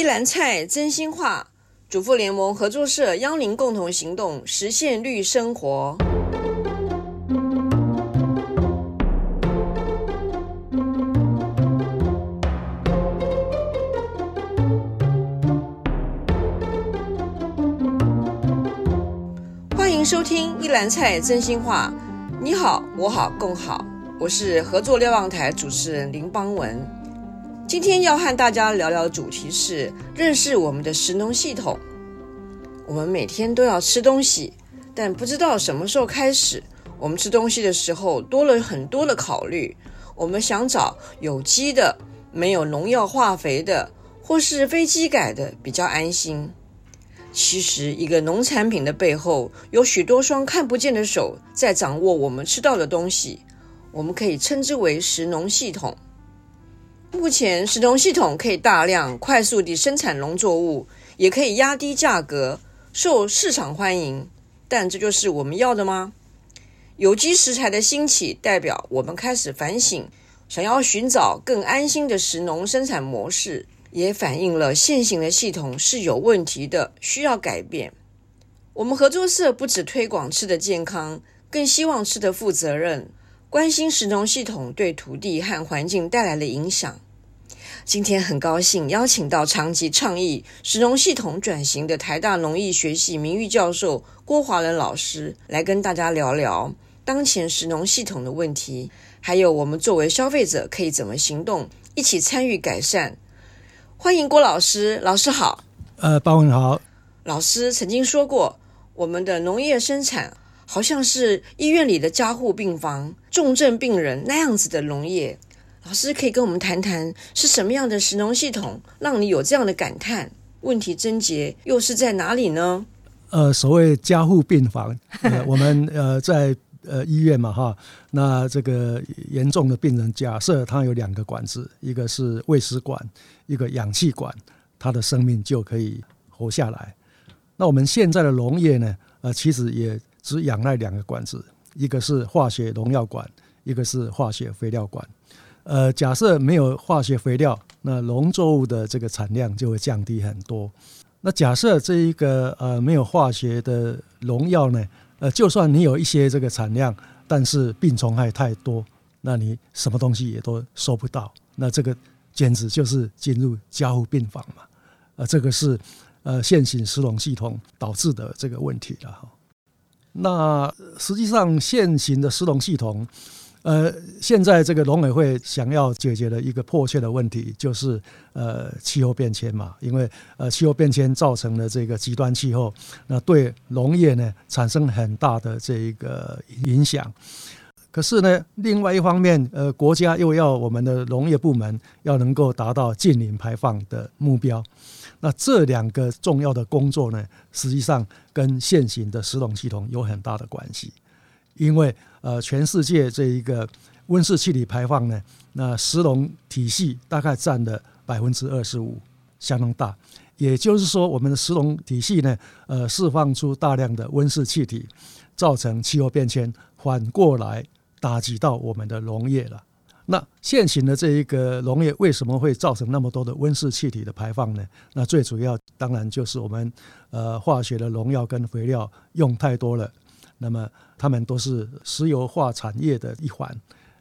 一籃菜真心話，主婦聯盟合作社邀您共同行動，實現綠生活。歡迎收聽《一籃菜真心話》，你好，我好，共好。我是合作瞭望台主持人林邦文。今天要和大家聊聊的主題是認識我們的食農系統。我們每天都要吃東西，但不知道什麼時候開始，我們吃東西的時候多了很多的考慮。我們想找有機的、沒有農藥化肥的，或是非基改的，比較安心。其實，一個農產品的背後，有許多雙看不見的手在掌握我們吃到的東西。我們可以稱之為食農系統。目前，食農系統可以大量、快速地生產農作物，也可以壓低價格，受市場歡迎。但這就是我們要的嗎？有機食材的興起，代表我們開始反省，想要尋找更安心的食農生產模式，也反映了現行的系統是有問題的，需要改變。我們合作社不只推廣吃的健康，更希望吃的負責任。關心食農系統對土地和環境帶來的影響。今天很高興邀請到長期倡議食農系統轉型的台大農藝學系名譽教授郭華仁老師來跟大家聊聊當前食農系統的問題，還有我們作為消費者可以怎麼行動，一起參與改善。歡迎郭老師，老師好。呃，邦文好。老師曾經說過，我們的農業生產。好像是醫院裡的加護病房重症病人那樣子的農業，老師可以跟我們談談是什麼樣的食農系統讓你有這樣的感嘆？問題症結又是在哪裡呢？呃，所謂加護病房、 呃，我們呃在呃醫院嘛哈，那這個嚴重的病人，假設他有兩個管子，一個是餵食管，一個氧氣管，他的生命就可以活下來。那我們現在的農業呢？呃，其實也。只仰賴兩個管子，一個是化學農藥管，一個是化學肥料管。呃，假設沒有化學肥料，那農作物的這個產量就會降低很多。那假設這一個呃沒有化學的農藥呢？呃，就算你有一些這個產量，但是病蟲害太多，那你什麼東西也都收不到。那這個簡直就是進入加護病房嘛！呃，這個是呃現行食農系統導致的這個問題了哈。那實際上現行的食農系統，呃，現在這個農委會想要解決的一個迫切的問題，就是呃，氣候變遷嘛，因為呃，氣候變遷造成了這個極端氣候，那對農業呢，產生很大的這一個影響。可是呢，另外一方面，呃，國家又要我們的農業部門要能夠達到淨零排放的目標。那這兩個重要的工作呢，實際上跟現行的食農系統有很大的關係，因為呃，全世界這一個溫室氣體排放呢，那食農體系大概佔了百分之二十五，相當大。也就是說，我們的食農體系呢，呃，釋放出大量的溫室氣體，造成氣候變遷，反過來打擊到我們的農業了。那現行的這一個農業為什麼會造成那麼多的溫室氣體的排放呢？那最主要當然就是我們呃化學的農藥跟肥料用太多了，那麼它們都是石油化產業的一環，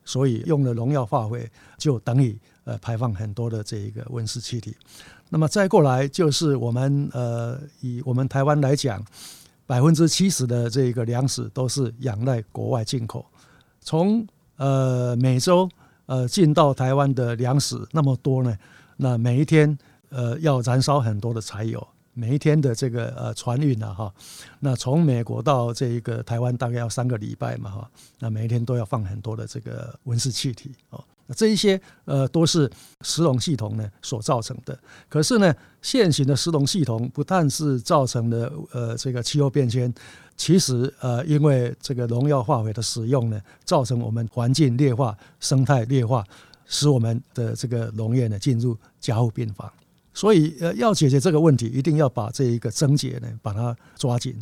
所以用了農藥化肥就等於呃排放很多的這一個溫室氣體。那麼再過來就是我們呃以我們台灣來講，百分之七十的這個糧食都是仰賴國外進口，從呃美洲。呃，進到台灣的糧食那麼多呢，那每一天呃要燃燒很多的柴油，每一天的這個呃船運啊。哈，那從美國到這一個台灣大概要三個禮拜嘛哈，那每一天都要放很多的這個溫室氣體哦，那這一些呃都是食農系統呢所造成的。可是呢，現行的食農系統不但是造成的呃這個氣候變遷。其實，呃，因為這個農藥化肥的使用呢，造成我們環境劣化、生態劣化，使我們的這個農業呢進入加護病房。所以，呃，要解決這個問題，一定要把這一個症結呢，把它抓緊，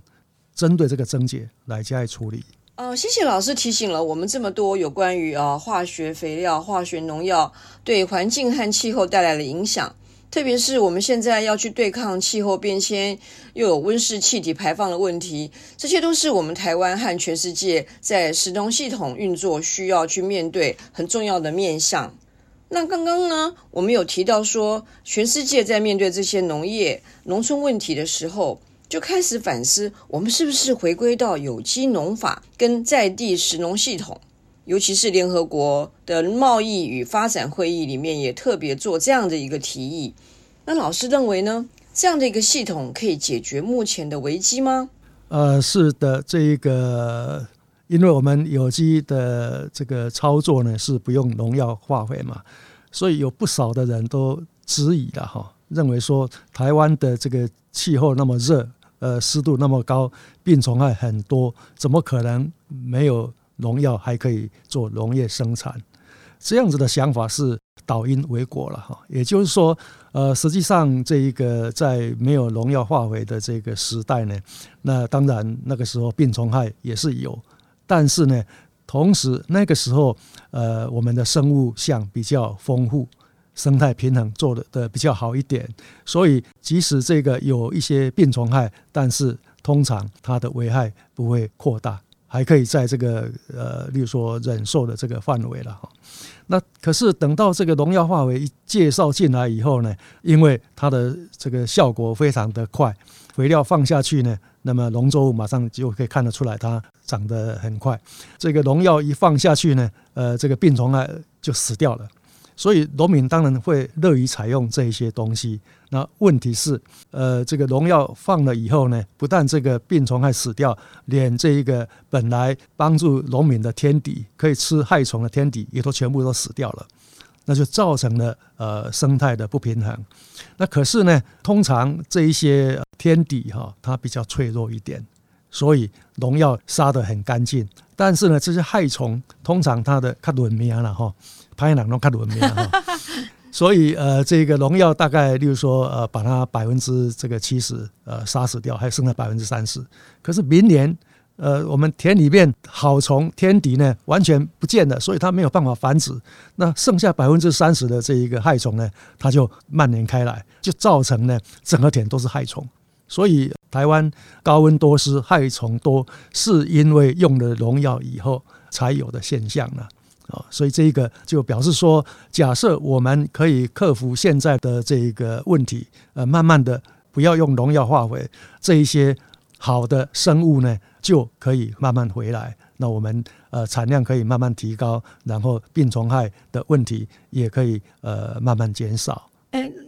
針對這個症結來加以處理。呃，謝謝老師提醒了我們這麼多有關於啊化學肥料、化學農藥對環境和氣候帶來的影響。特別是我們現在要去對抗氣候變遷，又有溫室氣體排放的問題，這些都是我們台灣和全世界在食農系統運作需要去面對很重要的面向。那剛剛呢，我們有提到說，全世界在面對這些農業、農村問題的時候，就開始反思我們是不是回歸到有機農法跟在地食農系統。尤其是聯合國的貿易與發展會議裡面也特別做這樣的一個提議。那老師認為呢？這樣的一個系統可以解決目前的危機嗎？呃，是的，這一個，因為我們有機的這個操作呢，是不用農藥化肥嘛，所以有不少的人都質疑了、啊、哈，認為說台灣的這個氣候那麼熱，呃，濕度那麼高，病蟲害很多，怎麼可能沒有？農藥還可以做農業生產，這樣子的想法是倒因為果了哈。也就是說，呃，實際上這一個在沒有農藥化肥的這個時代呢，那當然那個時候病蟲害也是有，但是呢，同時那個時候呃，我們的生物相比較豐富，生態平衡做得的比較好一點，所以即使這個有一些病蟲害，但是通常它的危害不會擴大。還可以在這個呃，例如說忍受的這個範圍了哈。那可是等到這個農藥化肥一介紹進來以後呢，因為它的這個效果非常的快，肥料放下去呢，那麼農作物馬上就可以看得出來它長得很快。這個農藥一放下去呢，呃，這個病蟲害就死掉了。所以農民當然會樂於採用這些東西。那問題是，呃，這個農藥放了以後呢，不但這個病蟲害死掉，連這一個本來幫助農民的天敵，可以吃害蟲的天敵，也都全部都死掉了。那就造成了呃生態的不平衡。那可是呢，通常這一些天敵哈，它比較脆弱一點。所以農藥殺得很乾淨，但是呢，這些害蟲通常它的抗藥性了哈，拍哪弄抗藥性哈。哦、 所以呃，這個農藥大概例如說呃，把它百分之這個七十呃殺死掉，還剩了百分之三十。可是明年呃，我們田裡面好蟲天敵呢完全不見了，所以它沒有辦法繁殖。那剩下百分之三十的這一個害蟲呢，它就蔓延開來，就造成呢整個田都是害蟲。所以台灣高溫多濕害蟲多，是因為用了農藥以後才有的現象呢、啊。啊、哦，所以這個就表示說，假設我們可以克服現在的這個問題，呃，慢慢的不要用農藥化肥，這一些好的生物呢就可以慢慢回來，那我們呃產量可以慢慢提高，然後病蟲害的問題也可以呃慢慢減少。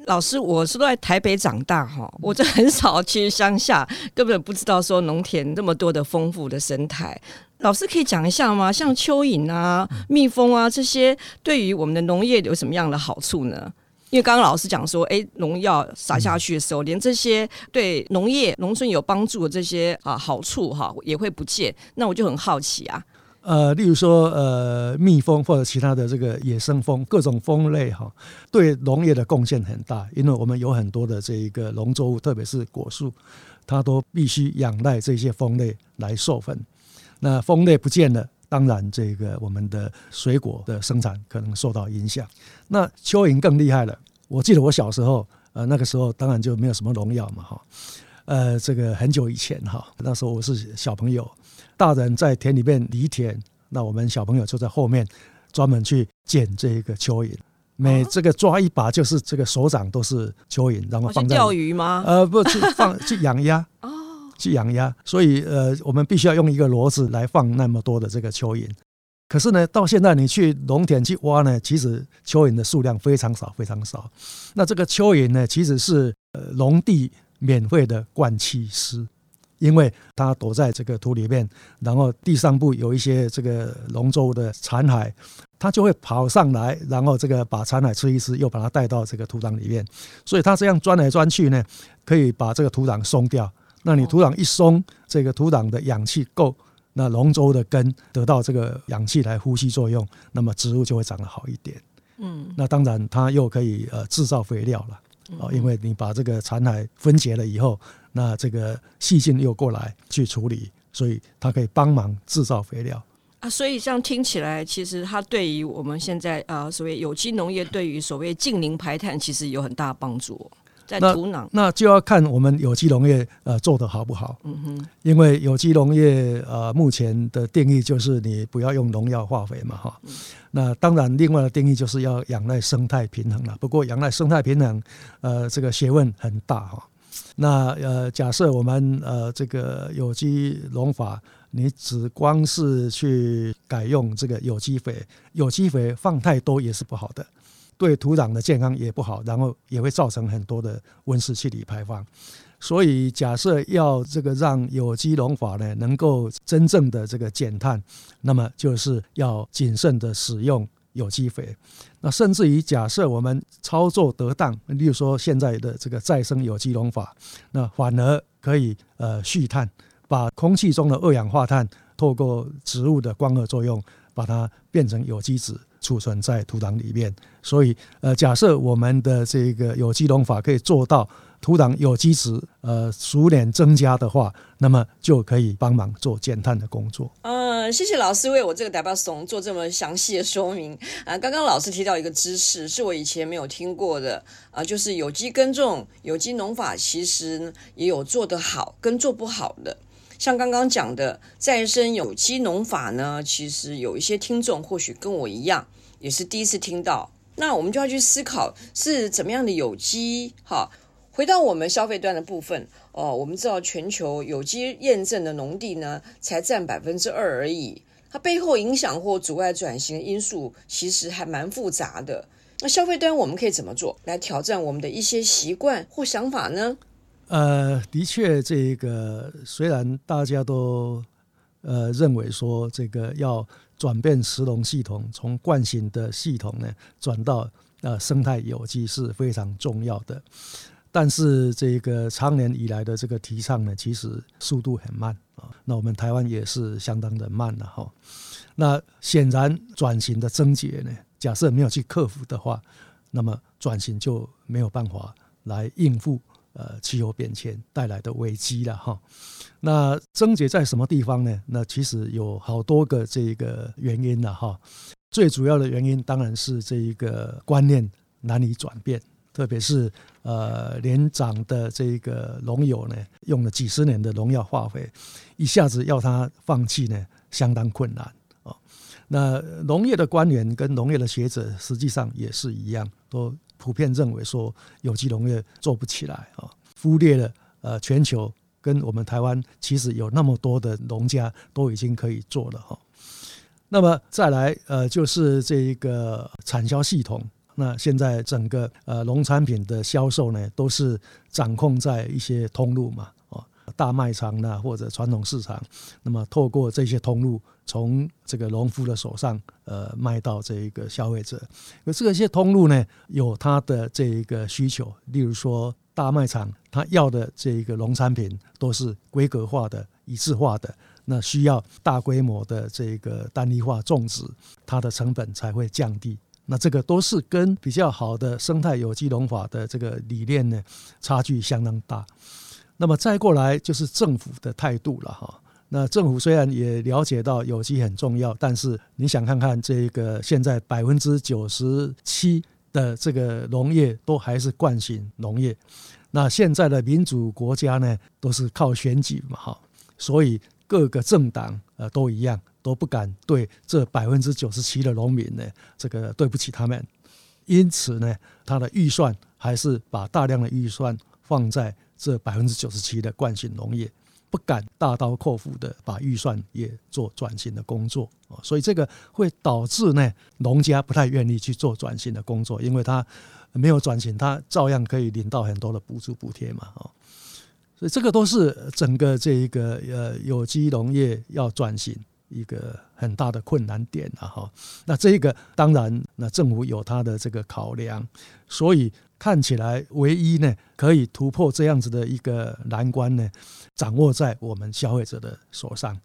老師，我是在台北長大哈，我就很少去鄉下，根本不知道說農田那麼多的豐富的生態。老師可以講一下嗎？像蚯蚓啊、蜜蜂啊這些，對於我們的農業有什麼樣的好處呢？因為剛剛老師講說，哎、欸，農藥撒下去的時候，連這些對農業、農村有幫助的這些啊好處哈，也會不見。那我就很好奇啊。呃，例如說，呃，蜜蜂或者其他的這個野生蜂，各種蜂類哈，對農業的貢獻很大，因為我們有很多的這個農作物，特別是果樹，它都必須仰賴這些蜂類來授粉。那蜂類不見了，當然這個我們的水果的生產可能受到影響。那蚯蚓更厲害了，我記得我小時候，呃，那個時候當然就沒有什麼農藥嘛哈，呃，這個很久以前哈，那時候我是小朋友。大人在田裡面犁田，那我們小朋友就在後面專門去撿這個蚯蚓，每這個抓一把就是這個手掌都是蚯蚓，然後放在裡面。去釣魚嗎？呃，不是去放去養鴨哦，去養鴨。 所以呃，我們必須要用一個騾子來放那麼多的這個蚯蚓。可是呢，到現在你去農田去挖呢，其實蚯蚓的數量非常少，非常少。那這個蚯蚓呢，其實是呃，農地免費的灌氣師。因為它躲在這個土裡面，然後地上部有一些這個龍舟的殘骸，它就會跑上來，然後這個把殘骸吃一吃，又把它帶到這個土壤裡面。所以它這樣鑽來鑽去呢，可以把這個土壤鬆掉。那你土壤一鬆，哦，這個土壤的氧氣夠，那龍舟的根得到這個氧氣來呼吸作用，那麼植物就會長得好一點。嗯，那當然它又可以呃制造肥料了。哦，因為你把這個殘骸分解了以後，那這個細菌又過來去處理，所以它可以幫忙制造肥料啊。所以這樣聽起來，其實它對於我們現在啊所謂有機農業，對於所謂淨零排碳，其實有很大的幫助。在土壤。那那就要看我們有機農業呃做得好不好，嗯哼，因為有機農業呃目前的定義就是你不要用農藥化肥嘛哈、嗯，那當然另外的定義就是要養賴生態平衡了。不過養賴生態平衡呃這個學問很大哈。那呃假設我們呃這個有機農法，你只光是去改用這個有機肥，有機肥放太多也是不好的。對土壤的健康也不好，然後也會造成很多的溫室氣體排放。所以，假設要這個讓有機農法呢能夠真正的這個減碳，那麼就是要謹慎的使用有機肥。那甚至於假設我們操作得當，例如說現在的這個再生有機農法，那反而可以呃蓄碳，把空氣中的二氧化碳透過植物的光合作用，把它變成有機質。儲存在土壤裡面，所以呃，假設我們的這個有機農法可以做到土壤有機質呃逐年增加的話，那麼就可以幫忙做減碳的工作。嗯，謝謝老師為我這個大巴松做這麼詳細的說明啊。剛剛老師提到一個知識是我以前沒有聽過的啊，就是有機耕種、有機農法其實也有做得好跟做不好的。像剛剛講的再生有機農法呢，其實有一些聽眾或許跟我一樣，也是第一次聽到。那我們就要去思考是怎麼樣的有機？哈，回到我們消費端的部分哦，我們知道全球有機驗證的農地呢，才占百分之二而已。它背後影響或阻礙轉型因素，其實還蠻複雜的。那消費端我們可以怎麼做，來挑戰我們的一些習慣或想法呢？呃，的確，這個雖然大家都呃認為說這個要轉變食農系統，從慣性的系統呢轉到呃生態有機是非常重要的，但是這個長年以來的這個提倡呢，其實速度很慢啊。那我們台灣也是相當的慢了。哈。那顯然轉型的症結呢，假設沒有去克服的話，那麼轉型就沒有辦法來應付。呃，氣候變遷帶來的危機了哈，那癥結在什麼地方呢？那其實有好多個這個原因了哈，最主要的原因當然是這一個觀念難以轉變，特別是呃，年長的這個農友呢，用了幾十年的農藥化肥，一下子要他放棄呢，相當困難啊。那農業的官員跟農業的學者，實際上也是一樣，都。普遍認為說有機農業做不起來啊，忽略了呃全球跟我們台灣其實有那麼多的農家都已經可以做了哈。那麼再來呃就是這一個產銷系統，那現在整個呃農產品的銷售呢都是掌控在一些通路嘛。大賣場呢，或者傳統市場，那麼透過這些通路，從這個農夫的手上，呃，賣到這一個消費者。而這些通路呢，有它的這一個需求，例如說大賣場，它要的這一個農產品都是規格化的、一致化的，那需要大規模的這個單一化種植，它的成本才會降低。那這個都是跟比較好的生態有機農法的這個理念呢，差距相當大。那麼再過來就是政府的態度了哈。那政府雖然也了解到有機很重要，但是你想看看這個現在百分之九十七的這個農業都還是慣行農業。那現在的民主國家呢，都是靠選舉嘛哈，所以各個政黨呃都一樣，都不敢對這百分之九十七的農民呢，這個對不起他們。因此呢，他的預算還是把大量的預算放在。這百分之九十七的慣性農業，不敢大刀闊斧的把預算也做轉型的工作啊，所以這個會導致呢，農家不太願意去做轉型的工作，因為他沒有轉型，他照樣可以領到很多的補助補貼嘛，哦，所以這個都是整個這一個呃有機農業要轉型。一個很大的困難點，啊，哈，那這個當然，那政府有他的這個考量，所以看起來唯一呢，可以突破這樣子的一個難關呢，掌握在我們消費者的手上，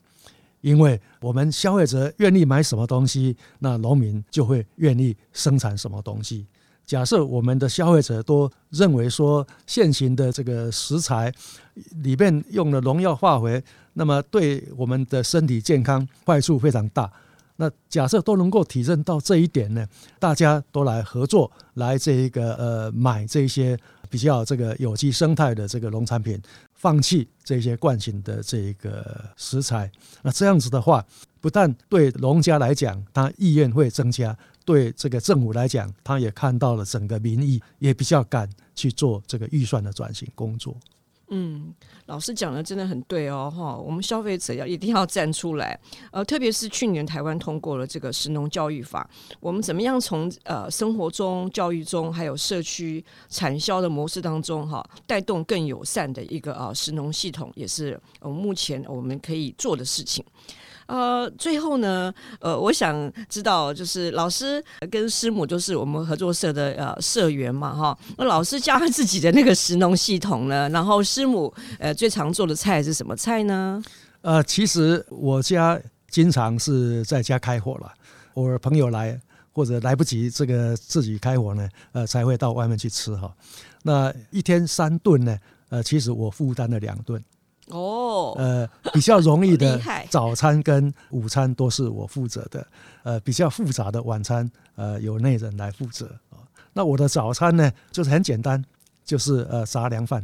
因為我們消費者願意買什麼東西，那農民就會願意生產什麼東西。假設我們的消費者都認為說，現行的這個食材裡面用了農藥化肥，那麼對我們的身體健康壞處非常大。那假設都能夠體認到這一點呢，大家都來合作，來這個呃買這些比較這個有機生態的這個農產品，放棄這些慣行的這個食材。那這樣子的話，不但對農家來講，他意願會增加。對這個政府來講，他也看到了整個民意，也比較敢去做這個預算的轉型工作。嗯，老師講的真的很對哦，哈，我們消費者要一定要站出來，呃，特別是去年台灣通過了這個食農教育法，我們怎麼樣從呃生活中、教育中，還有社區產銷的模式當中，哈，帶動更友善的一個啊、呃、食農系統，也是我們、呃、目前我們可以做的事情。呃，最後呢，呃，我想知道，就是老師跟師母就是我們合作社的呃社員嘛，哈、哦，那老師教他自己的那個食農系統呢，然後師母呃最常做的菜是什麼菜呢？呃，其實我家經常是在家開火了，我朋友來或者來不及這個自己開火呢，呃，才會到外面去吃哈。那一天三頓呢，呃，其實我負擔了兩頓。哦、oh，呃，比較容易的早餐跟午餐都是我負責的，呃，比較複雜的晚餐，呃，由內人來負責啊。那我的早餐呢，就是很簡單，就是呃雜糧飯。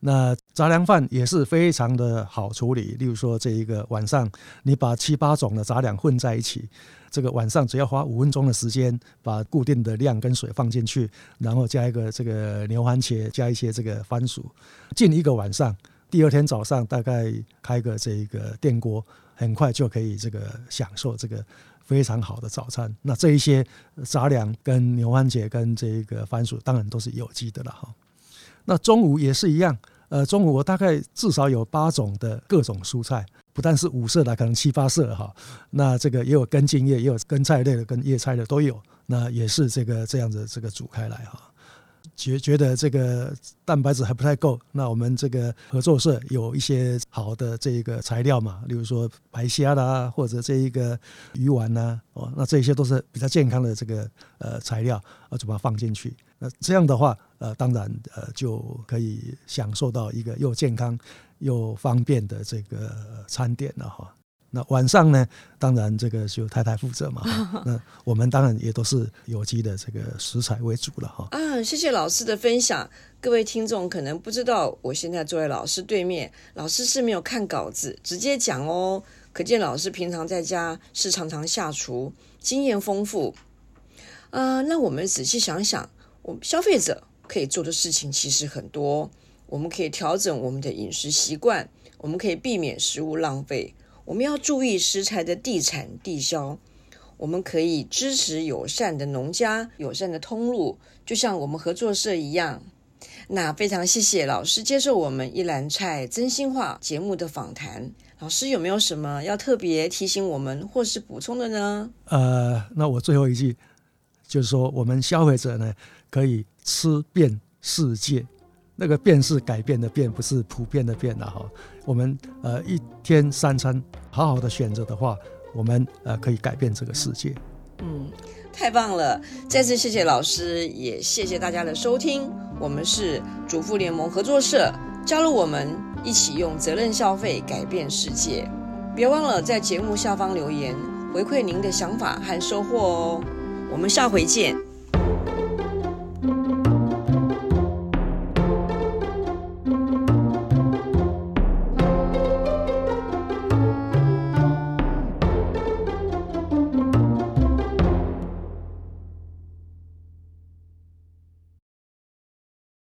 那雜糧飯也是非常的好處理，例如說這一個晚上，你把七八種的雜糧混在一起，這個晚上只要花五分鐘的時間，把固定的量跟水放進去，然後加一個這個牛番茄，加一些這個番薯，浸一個晚上。第二天早上大概開個這個電鍋，很快就可以這個享受這個非常好的早餐。那這一些雜糧跟牛番茄跟這一個番薯，當然都是有機的了哈。那中午也是一樣，呃，中午我大概至少有八種的各種蔬菜，不但是五色的，可能七八色哈。那這個也有根莖葉，也有根菜類的、跟葉菜的都有。那也是這個這樣子這個煮開來哈。覺覺得這個蛋白質還不太夠，那我們這個合作社有一些好的這個材料嘛，例如說白蝦啦，或者這一個魚丸吶，哦，那這些都是比較健康的這個呃材料，我就把它放進去。那這樣的話，呃，當然呃就可以享受到一個又健康又方便的這個餐點了哈。那晚上呢？當然，這個是由太太負責嘛。 那我們當然也都是有機的這個食材為主了哈。啊，謝謝老師的分享。各位聽眾可能不知道，我現在坐在老師對面，老師是沒有看稿子，直接講哦。可見老師平常在家是常常下廚，經驗豐富。啊，那我們仔細想想，我們消費者可以做的事情其實很多。我們可以調整我們的飲食習慣，我們可以避免食物浪費。我們要注意食材的地產地消，我們可以支持友善的農家、友善的通路，就像我們合作社一樣。那非常謝謝老師接受我們一籃菜真心話節目的訪談。老師有沒有什麼要特別提醒我們或是補充的呢？呃，那我最後一句就是說，我們消費者呢，可以吃變世界。那個變是改變的變，不是普遍的變了哈。我們呃一天三餐好好的選擇的話，我們呃可以改變這個世界。嗯，太棒了！再次謝謝老師，也謝謝大家的收聽。我們是主婦聯盟合作社，加入我們一起用責任消費改變世界。別忘了在節目下方留言，回饋您的想法和收穫哦。我們下回見。